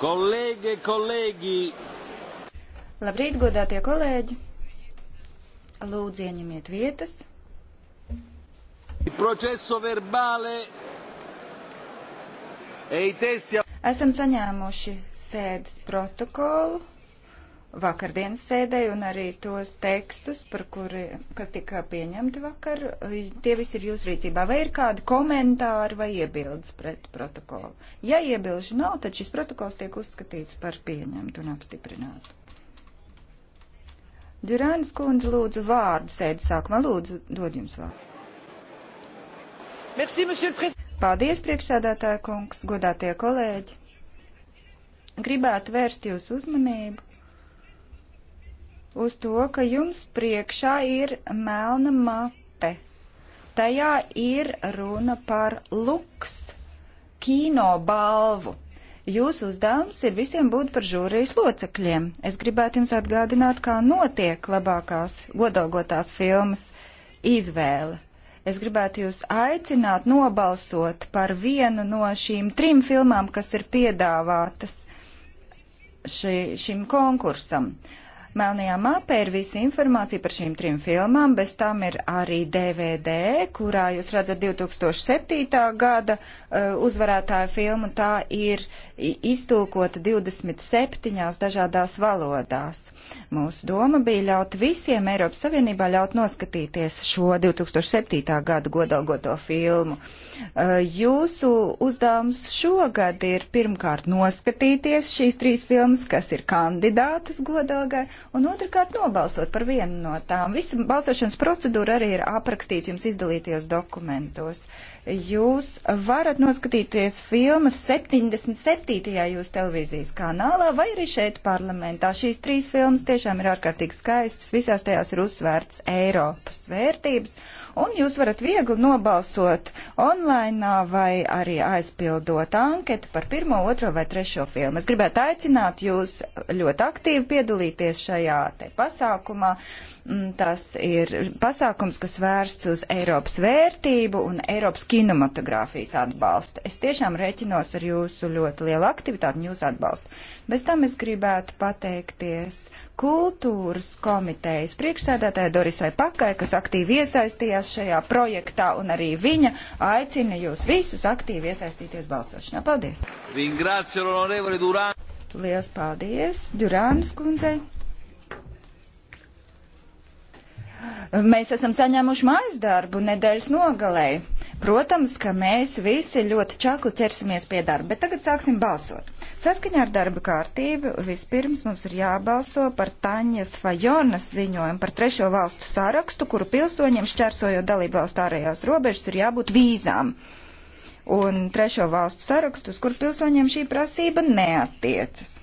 Kolēģi, kolēģi! Labrīt, godātie kolēģi! Lūdzu, ieņemiet vietas. Proceso verbāle. E Esam saņēmuši sēdes protokolu vakardienas sēdē un arī tos tekstus, par kuri, kas tika pieņemti vakar, tie visi ir jūsu rīcībā. Vai ir kādi komentāri vai iebildes pret protokolu? Ja iebilžu nav, tad šis protokols tiek uzskatīts par pieņemtu un apstiprinātu. Durānas kundze lūdzu vārdu sēdes sākumā. Lūdzu, dod jums vārdu. Merci, Paldies, priekšsēdētāja kungs, godātie kolēģi. Gribētu vērst jūsu uzmanību uz to, ka jums priekšā ir melna mape. Tajā ir runa par luks kino balvu. Jūsu uzdevums ir visiem būt par žūrijas locekļiem. Es gribētu jums atgādināt, kā notiek labākās godalgotās filmas izvēle. Es gribētu jūs aicināt nobalsot par vienu no šīm trim filmām, kas ir piedāvātas ši, šim konkursam. Uh, Melnajā mapē ir visa informācija par šīm trim filmām, bez tam ir arī DVD, kurā jūs redzat 2007. gada uh, uzvarētāju filmu. Tā ir iztulkota 27 dažādās valodās. Mūsu doma bija ļaut visiem Eiropas Savienībā ļaut noskatīties šo 2007. gada godalgoto filmu. Uh, jūsu uzdevums šogad ir pirmkārt noskatīties šīs trīs filmas, kas ir kandidātas godalgai, un otrkārt nobalsot par vienu no tām. Visa balsošanas procedūra arī ir aprakstīta jums izdalītajos dokumentos. Jūs varat noskatīties filmas 77. jūsu televīzijas kanālā vai arī šeit parlamentā. Šīs trīs filmas tiešām ir ārkārtīgi skaistas, visās tajās ir uzsvērts Eiropas vērtības, un jūs varat viegli nobalsot online vai arī aizpildot anketu par pirmo, otro vai trešo filmu. Es gribētu aicināt jūs ļoti aktīvi piedalīties šajā te pasākumā. Mm, tas ir pasākums, kas vērsts uz Eiropas vērtību un Eiropas kinematogrāfijas atbalstu. Es tiešām rēķinos ar jūsu ļoti lielu aktivitāti un jūsu atbalstu. Bez tam es gribētu pateikties kultūras komitejas priekšsēdētāja Dorisai Pakai, kas aktīvi iesaistījās šajā projektā, un arī viņa aicina jūs visus aktīvi iesaistīties balsošanā. Paldies! Liels paldies Durānas kundzei! Mēs esam saņēmuši mājas darbu nedēļas nogalē. Protams, ka mēs visi ļoti čakli ķersimies pie darba, bet tagad sāksim balsot. Saskaņā ar darba kārtību vispirms mums ir jābalso par Taņas Fajonas ziņojumu par trešo valstu sārakstu, kuru pilsoņiem šķērsojot dalību valstu ārējās robežas ir jābūt vīzām. Un trešo valstu sarakstus, kur pilsoņiem šī prasība neatiecas.